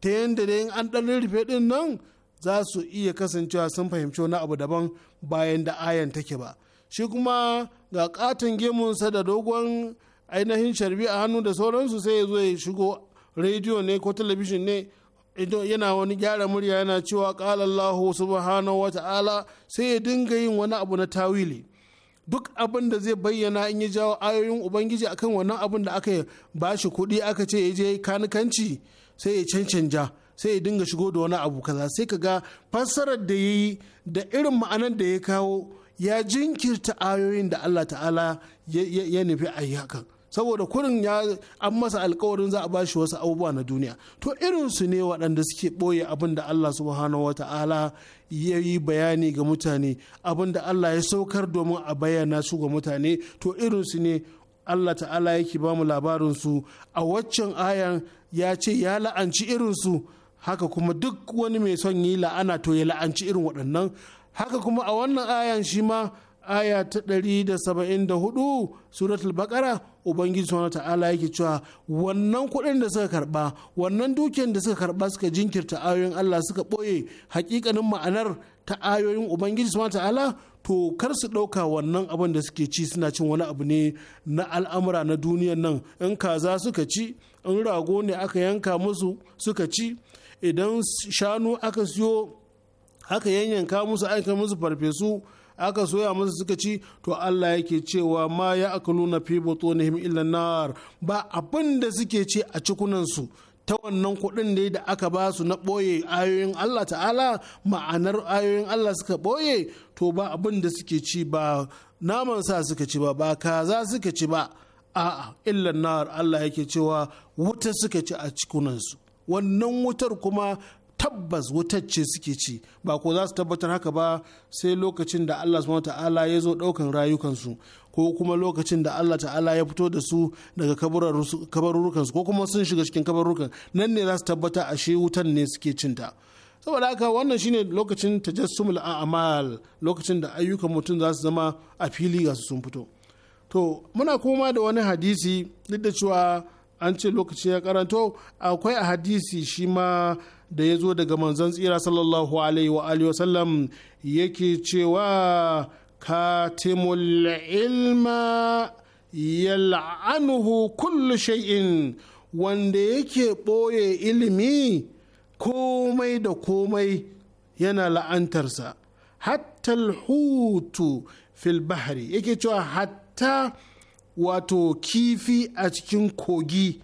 ta yanda da an dan rurrufe din nan za su iya kasancewa sun fahimci wani abu daban bayan da ayan take ba shi kuma ga katin gemunsa da dogon ainihin sharbi a hannu da sauransu sai ya zo ya shigo rediyo ne ko talabijin ne yana wani gyara murya yana cewa ƙala Allah subhanahu wata'ala sai ya dinga yin wani abu na tawili duk abin da zai bayyana in ya jawo ayoyin ubangiji akan wannan abin da aka ba shi kuɗi aka ce ya je kanikanci sai ya cancanja sai ya dinga shigo da wani abu kaza sai ka ga fassarar da ya yi da irin ma'anar da ya kawo ya jinkirta ayoyin da Allah ta'ala ya nufi a hakan saboda kurin ya an masa alkawarin za a bashi wasu abubuwa na duniya to irinsu ne waɗanda suke ɓoye abin da Allah subhanahu wa ta'ala ya yi bayani ga mutane abin da Allah ya saukar domin a bayyana su ga mutane to irinsu ne Allah ta'ala yake ba mu su a waccan ayan ya ce ya la'anci irinsu haka kuma duk wani mai son yi la'ana to ya la'anci irin waɗannan haka kuma a wannan ayan shi ma aya ta ɗari da da saba'in hudu suratul bakara ubangiji sana ta'ala yake cewa wannan kuɗin da suka karba wannan dukiyar da suka karba suka jinkirta ayoyin Allah suka ɓoye hakikanin ma'anar ta ayoyin ubangiji sana ta'ala to kar su ɗauka wannan abin da suke ci suna cin wani abu ne na al'amura na duniyan nan in kaza suka ci in rago ne aka yanka musu suka ci idan shanu aka siyo aka yanyanka musu aka musu farfesu aka soya musu suka ci to Allah yake cewa ma ya nuna fi butunihim illa nar ba abin da suke ci a cikunan ta wannan kuɗin da da aka ba su na ɓoye ayoyin Allah ta'ala ma'anar ayoyin Allah suka ɓoye to ba abin da suke ci ba naman sa suka ci ba ba kaza suka ci ba a'a illa nar Allah yake cewa wuta suka ci a cikunansu wannan wutar kuma tabbas wutar ce suke ci ba ko za su tabbatar haka ba sai lokacin da Allah subhanahu ta'ala ya zo daukan rayukansu ko kuma lokacin da Allah ta'ala ya fito da su daga kabarurukansu ko kuma sun shiga cikin kabarurukan nan ne za su tabbata ashe wutan ne suke cinta saboda haka wannan shine lokacin tajassumul a'mal lokacin da ayyukan mutum za su zama a fili ga su sun fito to muna kuma da wani hadisi duk da cewa an ce lokacin ya karanto akwai a hadisi shi ma da ya zo daga manzon tsira sallallahu alaihi wa alihi wasallam yake cewa katimul ilma yal'anuhu kullu shay'in wanda yake ɓoye ilimi komai da komai yana la'antarsa hatta hutu fil bahri yake cewa hatta wato kifi a cikin kogi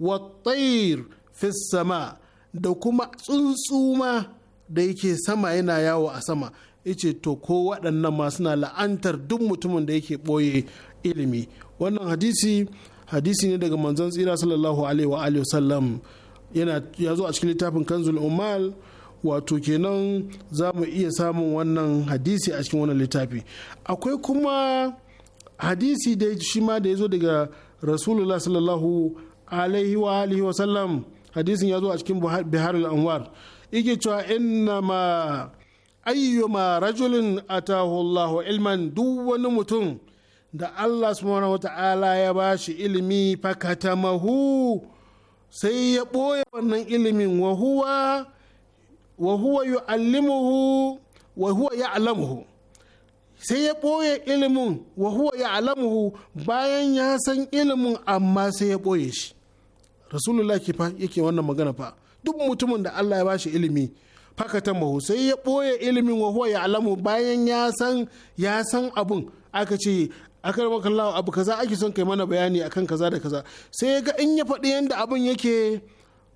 wattair fis sama da kuma tsuntsuma da yake sama yana yawo a sama yace to ko waɗannan ma suna la'antar duk mutumin da yake ɓoye ilimi wannan hadisi hadisi ne daga manzon tsira sallallahu alaihi wa alihi wasallam yana ya zo a cikin littafin kanzul umal wato kenan za mu iya samun wannan hadisi a cikin wannan littafi akwai kuma hadisi da shi ma da ya zo daga rasulullah sallallahu alaihi wa alihi wa sallam hadisin ya zo a cikin biharul anwar yake cewa inna ma ayyuma rajulin atahu Allahu ilman duk wani mutum da Allah subhanahu ta'ala ya ba shi ilimi fakatamahu sai ya ɓoye wannan ilimin wa huwa yu'allimuhu wa huwa ya'lamuhu sai ya ɓoye ilimin wa huwa ya alamuhu bayan ya san ilimin amma sai ya ɓoye shi rasulullah ke yake wannan magana fa duk mutumin da allah ya bashi ilimi fakatan mahu sai ya ɓoye ilimin wa huwa ya alamu bayan ya san ya san abun aka ce aka rama kallawa abu kaza ake son kai mana bayani akan kaza da kaza sai ya ga in ya faɗi yadda abun yake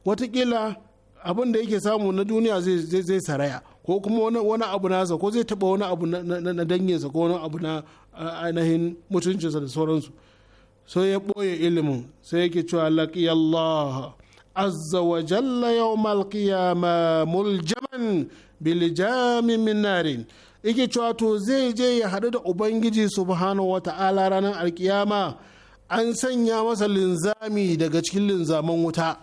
watakila abun da yake samu na duniya zai saraya ko kuma wani abu nasa ko zai taba wani abu na danginsa ko wani abu na ainihin mutuncinsa da sauransu sai ya ɓoye ilimin sai yake cewa laqiyallah azza wa jalla yawmal qiyama muljaman bil jami min narin yake cewa to zai je ya hadu da ubangiji subhanahu wa ta'ala ranar alkiyama an sanya masa linzami daga cikin linzaman wuta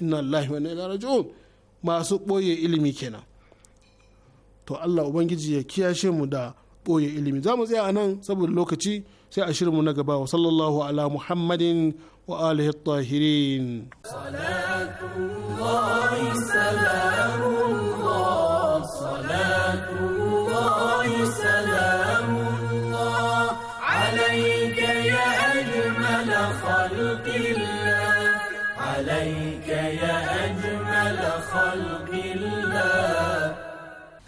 inna lillahi wa inna ilaihi raji'un masu ɓoye ilimi kenan to Allah ubangiji ya kiyashe mu da ɓoye ilimi za mu tsaya a nan saboda lokaci sai a shirinmu na gaba wa sallallahu ala muhammadin wa alihi tahirin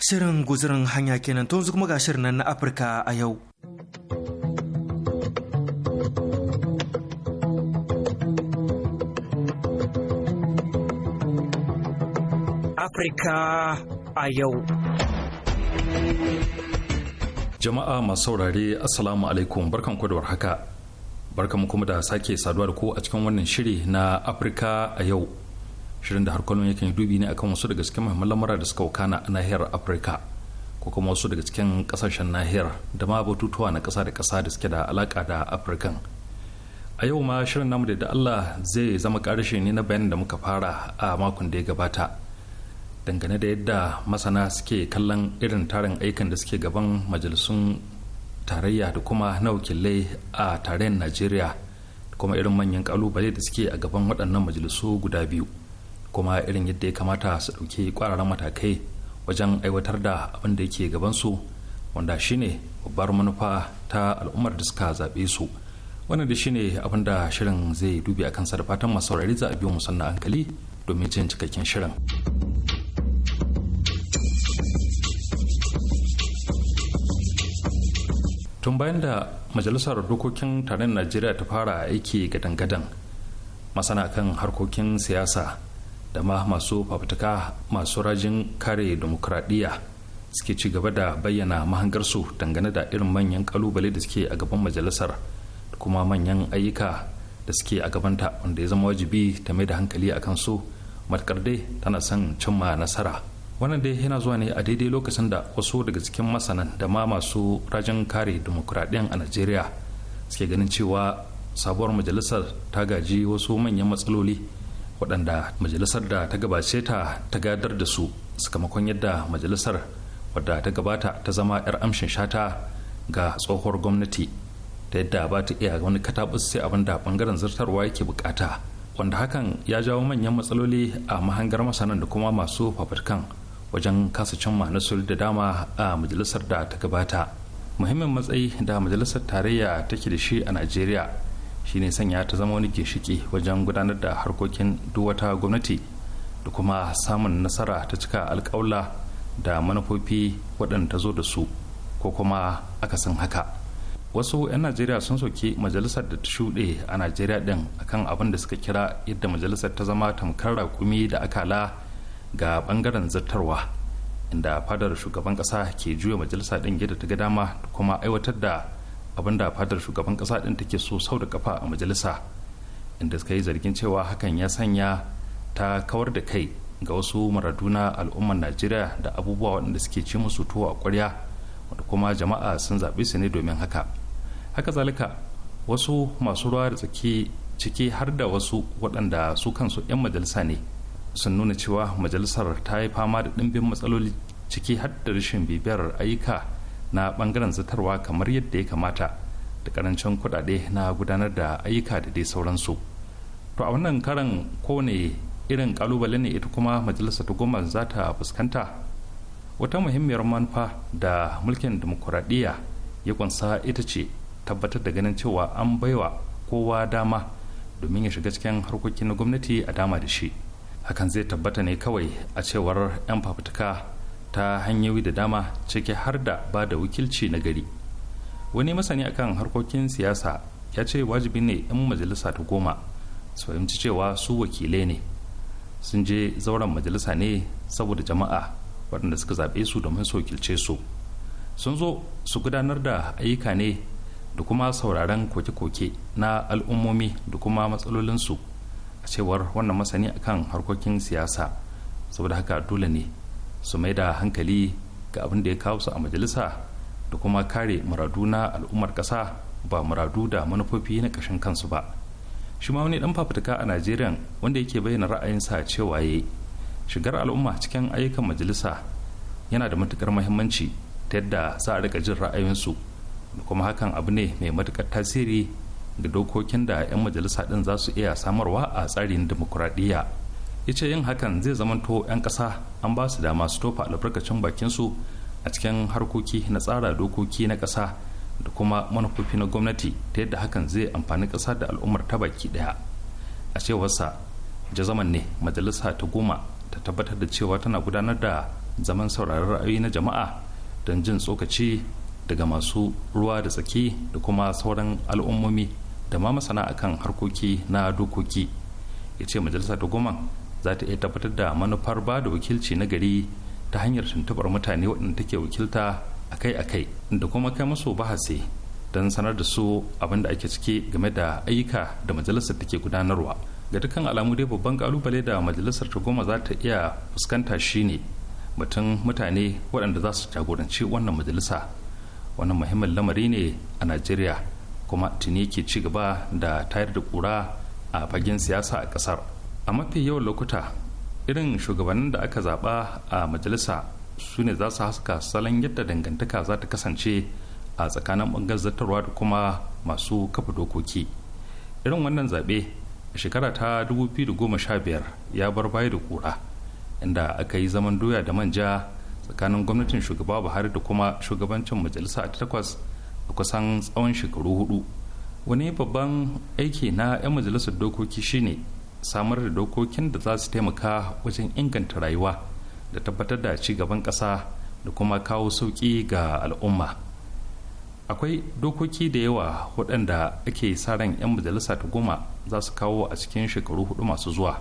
Shirin guzurin hanya kenan tun kuma ga shirin nan na Afirka a yau. Afirka a yau. Jama'a masu saurare Assalamu alaikum barkan da warhaka. Barkan kuma da sake saduwa da ku a cikin wannan shiri na Afirka a yau. shirin da har kullum yakan yi dubi ne akan wasu daga cikin muhimman lamura da suka wakana a nahiyar afirka ko kuma wasu daga cikin kasashen nahiyar da ma batutuwa na kasa da kasa da suke da alaka da afirkan a yau ma shirin namu da allah zai zama karshe ne na bayanin da muka fara a makon da ya gabata dangane da yadda masana suke kallon irin tarin aikin da suke gaban majalisun tarayya da kuma na wakilai a tarayyar najeriya da kuma irin manyan kalubale da suke a gaban waɗannan majalisu guda biyu kuma irin yadda ya kamata su ɗauki ƙwararren matakai wajen aiwatar da abin da yake gabansu wanda shine babbar manufa ta al'ummar da suka zaɓe su wannan da shine abin da shirin zai dubi a kansa da fatan masu saurari za a biyo sannan hankali domin jin cikakken shirin. tun bayan da majalisar dokokin tarayyar najeriya ta fara aiki gadan-gadan masana kan harkokin siyasa da ma masu fafutuka masu rajin kare demokradiyya suke ci gaba da bayyana mahangarsu dangane da irin manyan kalubale da suke a gaban majalisar da kuma manyan ayyuka da suke a gabanta wanda ya zama wajibi ta mai da hankali a kansu matakar dai tana son cimma nasara wannan dai yana zuwa ne a daidai lokacin da wasu daga cikin masanan da ma masu rajin kare demokuraɗiyyar a najeriya suke ganin cewa sabuwar majalisar ta gaji wasu manyan matsaloli waɗanda majalisar da ta gabace ta ta gadar da su sakamakon yadda majalisar wadda ta gabata ta zama 'yar amshin shata ga tsohuwar gwamnati ta yadda ba ta iya wani katabus sai abin da ɓangaren zartarwa yake bukata wanda hakan ya jawo manyan matsaloli a mahangar masanan da kuma masu fafatkan wajen kasa cimma nasarori da dama a majalisar da ta gabata muhimmin matsayi da majalisar tarayya take da shi a najeriya shine sanya ta zama wani ginshiki wajen gudanar da harkokin duk wata gwamnati da kuma samun nasara ta cika alƙawla da manufofi waɗanda ta zo da su ko kuma akasin haka wasu 'yan najeriya sun soke majalisar da ta shuɗe a najeriya ɗin akan abin da suka kira yadda majalisar ta zama tamkar raƙumi da akala ga ɓangaren zartarwa inda fadar shugaban ƙasa ke juya majalisa ɗin gida ta ga dama da kuma aiwatar da abinda fadar shugaban kasa din take so sau da kafa a majalisa inda suka yi zargin cewa hakan ya sanya ta kawar da kai ga wasu maraduna al'ummar najeriya da abubuwa waɗanda suke ci musu tuwo a ƙwarya wanda kuma jama'a sun zaɓe su ne domin haka haka zalika wasu masu ruwa da tsaki ciki har da wasu waɗanda su kansu 'yan majalisa ne sun nuna cewa majalisar ta yi fama da ɗimbin matsaloli ciki har da rashin bibiyar ayyuka na bangaren zatarwa kamar yadda ya kamata da karancin kuɗaɗe na gudanar da ayyuka da dai sauransu to a wannan karan kowane irin kalubale ne ita kuma majalisar ta goma za ta fuskanta wata muhimmiyar manufa da mulkin demokuraɗiyya ya kunsa ita ce tabbatar da ganin cewa an baiwa kowa dama domin ya shiga cikin harkokin gwamnati a dama da shi hakan zai tabbata ne kawai a cewar 'yan fafutuka ta hanyoyi da dama ciki har da ba da wakilci na gari wani masani akan harkokin siyasa ya ce wajibi ne 'yan majalisa ta goma su fahimci cewa su wakilai ne sun je zauren majalisa ne saboda jama'a waɗanda suka zaɓe su domin su wakilce su sun zo su gudanar da ayyuka ne da kuma sauraren koke-koke na al'ummomi da kuma matsalolinsu a cewar wannan masani akan harkokin siyasa saboda haka dole ne su mai da hankali ga abin da ya kawo su a majalisa da kuma kare muradu na al'ummar ƙasa ba muradu da manufofi na ƙashin kansu ba shi ma wani dan fafutuka a najeriya wanda yake bayyana ra'ayinsa cewa ya shigar al'umma cikin ayyukan majalisa yana da matukar muhimmanci ta yadda za a rika jin ra'ayinsu da kuma hakan abu ne mai matukar tasiri ga dokokin da 'yan majalisa din za su iya samarwa a tsarin dimokuraɗiyya ya ce yin hakan zai zamanto 'yan ƙasa an ba su dama su tofa albarkacin su a cikin harkoki na tsara dokoki na ƙasa da kuma manufofi na gwamnati ta yadda hakan zai amfani ƙasa da al'ummar ta baki ɗaya a cewarsa jazaman ne majalisa ta goma ta tabbatar da cewa tana gudanar da zaman sauraron ra'ayi na jama'a don jin tsokaci daga masu ruwa da tsaki da kuma sauran al'ummomi da ma masana akan harkoki na dokoki ya ce majalisa ta goma za ta iya tabbatar da manufar ba da wakilci na gari ta hanyar tuntubar mutane waɗanda take wakilta akai-akai da kuma kai masu bahasi don sanar da su abin da ake ciki game da ayyuka da majalisar take gudanarwa ga dukkan alamu dai babban kalubale da majalisar ta goma za ta iya fuskanta shine batun mutane waɗanda za su jagoranci wannan majalisa wannan muhimmin lamari ne a najeriya kuma tuni ke ci gaba da tayar da kura a fagen siyasa a ƙasar a mafi yawan lokuta irin shugabannin da aka zaba a majalisa su ne za su haska salon yadda dangantaka za ta kasance a tsakanin bangar zartarwa da kuma masu kafa dokoki irin wannan zaɓe a shekara ta 2015 ya bar baya da kura inda aka yi zaman doya da manja tsakanin gwamnatin shugaba buhari da kuma shugabancin majalisa a takwas a kusan tsawon shekaru hudu wani babban aiki na 'yan majalisar dokoki shine samar da dokokin da za su taimaka wajen inganta rayuwa da tabbatar da ci gaban ƙasa da kuma kawo sauƙi ga al'umma akwai dokoki da yawa waɗanda ake sa ran 'yan majalisa ta goma za su kawo a cikin shekaru hudu masu zuwa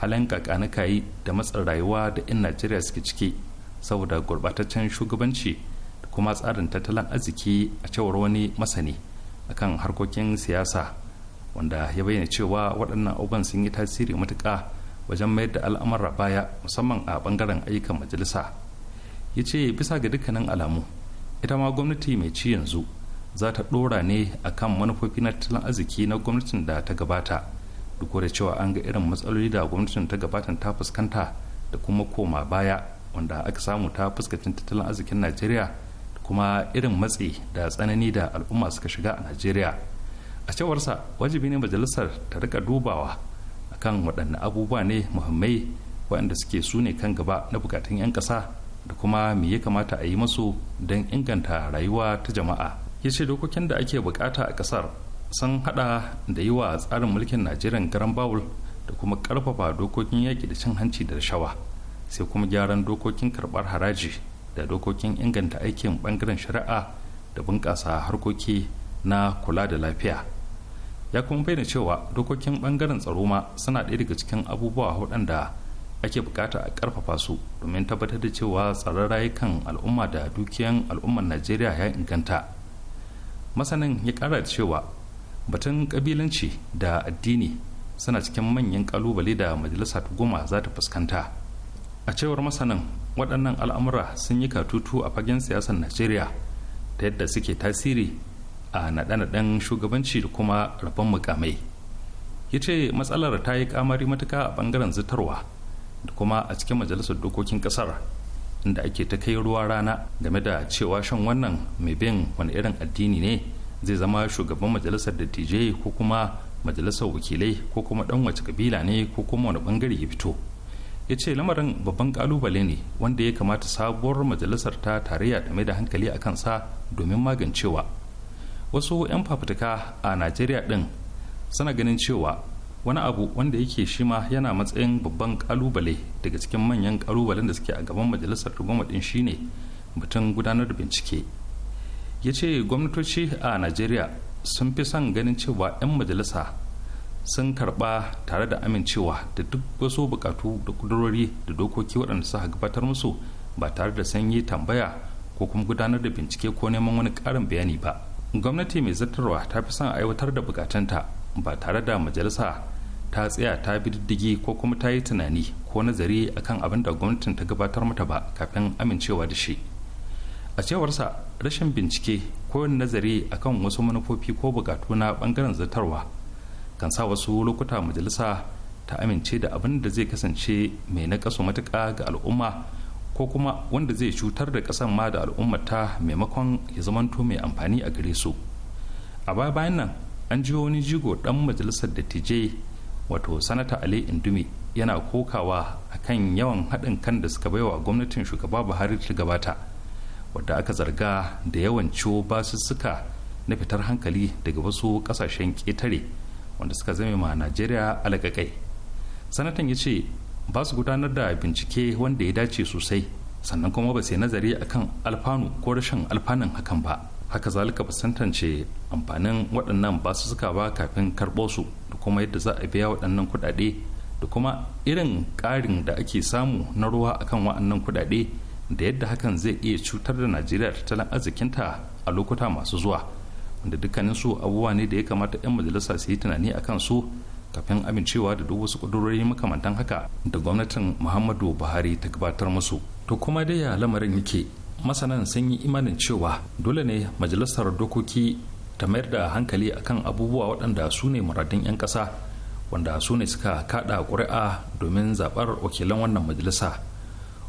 halin kakanikayi da matsin rayuwa da 'yan najeriya suke ciki saboda gurɓataccen shugabanci da kuma tsarin tattalin arziki a cewar wani masani akan harkokin siyasa wanda ya bayyana cewa waɗannan abubuwan sun yi tasiri matuƙa wajen mayar da al'amura baya musamman a ɓangaren ayyukan majalisa ya ce bisa ga dukkanin alamu ita ma gwamnati mai ci yanzu za ta ɗora ne a kan manufofi na tattalin arziki na gwamnatin da ta gabata duk da cewa an ga irin matsaloli da gwamnatin ta gabatan ta fuskanta da kuma koma baya wanda aka samu ta fuskacin tattalin arzikin najeriya da kuma irin matsi da tsanani da al'umma suka shiga a najeriya a cewarsa wajibi ne majalisar ta rika dubawa akan waɗanne abubuwa ne muhimmai waɗanda suke su ne kan gaba na bukatun 'yan ƙasa da kuma me ya kamata a yi masu don inganta rayuwa ta jama'a ya ce dokokin da ake bukata a ƙasar sun haɗa da yi wa tsarin mulkin najeriya garan bawul da kuma ƙarfafa dokokin yaƙi da cin hanci da rashawa sai kuma gyaran dokokin karɓar haraji da dokokin inganta aikin ɓangaren shari'a da bunƙasa harkoki na kula da lafiya ya kuma bayyana cewa dokokin bangaren tsaro ma suna ɗaya daga cikin abubuwa waɗanda ake bukata a ƙarfafa su domin tabbatar da cewa tsaron rayukan al'umma da dukiyan al'ummar najeriya ya inganta masanin ya ƙara da cewa batun ƙabilanci da addini suna cikin manyan ƙalubale da majalisa ta goma za ta fuskanta a cewar masanin waɗannan al'amura sun yi katutu a fagen siyasar najeriya ta yadda suke tasiri a naɗe-naɗen shugabanci da kuma rabon mukamai ya ce matsalar ta yi kamari matuka a bangaren zitarwa da kuma a cikin majalisar dokokin ƙasar inda ake ta kai ruwa rana game da cewa shan wannan mai bin wani irin addini ne zai zama shugaban majalisar dattijai ko kuma majalisar wakilai ko kuma dan wace kabila ne ko kuma wani bangare ya fito ya ce lamarin babban kalubale ne wanda ya kamata sabuwar majalisar ta tarayya da mai da hankali a kansa domin magancewa wasu 'yan fafutuka a najeriya din suna ganin cewa wani abu wanda yake shi ma yana matsayin babban kalubale daga cikin manyan kalubalen da suke a gaban majalisar rigoma ɗin shine batun gudanar da bincike ya ce gwamnatoci a najeriya sun fi son ganin cewa 'yan majalisa sun karba tare da amincewa da duk wasu bukatu da kudurori da dokoki waɗanda suka gabatar musu ba tare da sanyi tambaya ko kuma gudanar da bincike ko neman wani ƙarin bayani ba gwamnati mai zartarwa ta fi son aiwatar da bukatunta ba tare da majalisa ta tsaya ta bi diddigi ko kuma ta yi tunani ko nazari akan abin da gwamnatin ta gabatar mata ba kafin amincewa da shi a cewarsa rashin bincike ko nazari akan wasu manufofi ko bukatu na bangaren zartarwa kan sa wasu lokuta majalisa ta amince da abin da zai kasance mai nakasu matuƙa ga al'umma ko kuma wanda zai cutar da kasan ma da al'ummata maimakon ya zamanto mai amfani a gare su a baya bayan nan an ji wani jigo dan majalisar dattijai wato sanata ali indumi yana kokawa akan yawan haɗin kan da suka baiwa gwamnatin shugaba buhari ta gabata wadda aka zarga da yawan ciwo basussuka na fitar hankali daga wasu ƙasashen ƙetare wanda suka zame ma najeriya alagagai sanatan ya ce ba su gudanar da bincike wanda ya dace sosai sannan kuma ba sai nazari akan alfanu ko rashin alfanun hakan ba haka zalika ba tantance amfanin waɗannan ba su suka ba kafin karɓo su da kuma yadda za a biya waɗannan kuɗaɗe da kuma irin ƙarin da ake samu na ruwa akan waɗannan kuɗaɗe da yadda hakan zai iya cutar da najeriya tattalin arzikinta a lokuta masu zuwa wanda dukkanin su abubuwa ne da ya kamata 'yan majalisa su yi tunani akan su kafin amincewa da duk wasu ƙudurori makamantan haka da gwamnatin muhammadu buhari ta gabatar musu to kuma dai ya lamarin yake masanan sun yi imanin cewa dole ne majalisar dokoki ta mayar da hankali akan abubuwa waɗanda su ne muradin 'yan ƙasa wanda su ne suka kaɗa ƙuri'a domin zaɓar wakilan wannan majalisa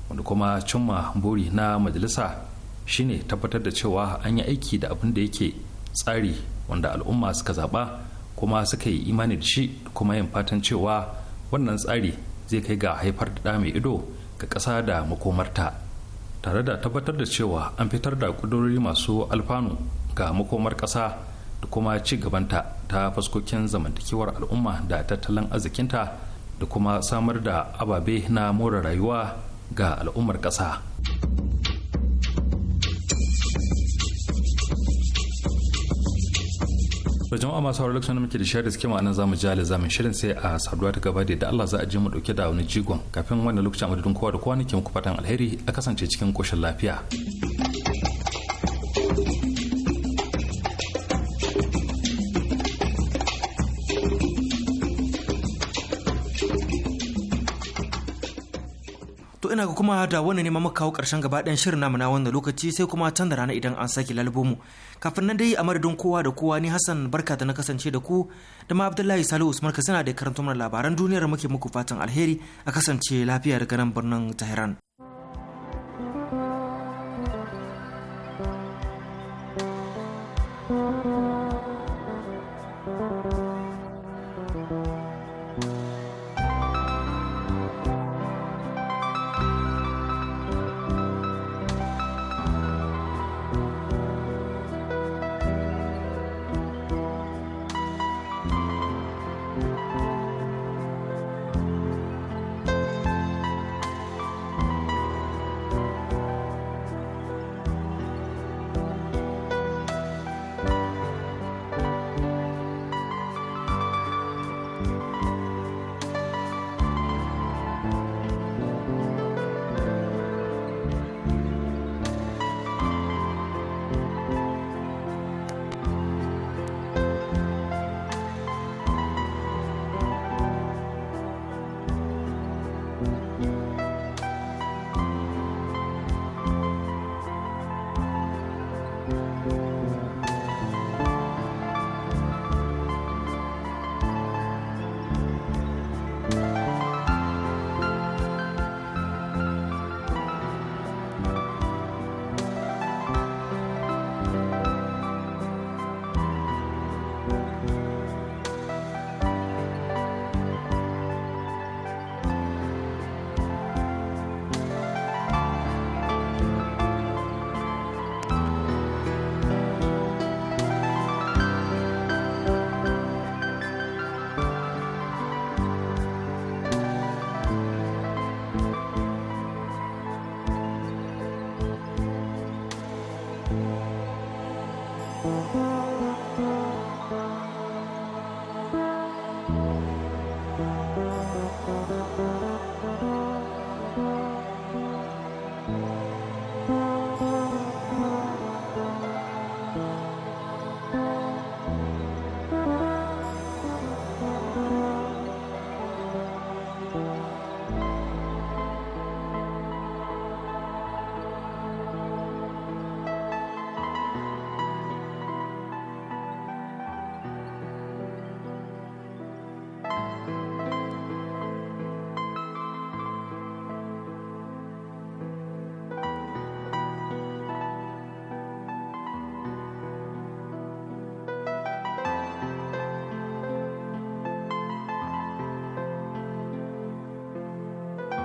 wanda kuma cimma buri na majalisa shine tabbatar da cewa an yi aiki da abin da yake tsari wanda al'umma suka zaɓa kuma suka yi imani da shi kuma yin fatan cewa wannan tsari zai kai ga haifar da ɗa mai ido ga ƙasa da makomarta tare da tabbatar da cewa an fitar da ƙudurori masu alfanu ga makomar ƙasa da kuma ci gabanta ta faskokin zamantakewar al'umma da tattalin arzikinta da kuma samar da ababe na more rayuwa ga al'ummar ƙasa. da jama'a masu haurar lokacin da muke da shirin suke ma'anar zamu ji ala zamu shirin sai a saduwa ta gaba da Allah za a je mu dauke da wani jigon kafin wannan lokacin a madadin kowa da kowa nake muku fatan alheri a kasance cikin koshin lafiya. ina ga kuma da wannan ne muka kawo karshen gaba ɗayan shirin namu na wannan lokaci sai kuma can da rana idan an sake lalbomu kafin nan dai a madadin kowa da kowa ni Hassan barka da na kasance da ku da ma Abdullahi Salihu Usman ka sana da karanta mana labaran duniyar muke muku fatan alheri a kasance lafiya daga nan birnin Tehran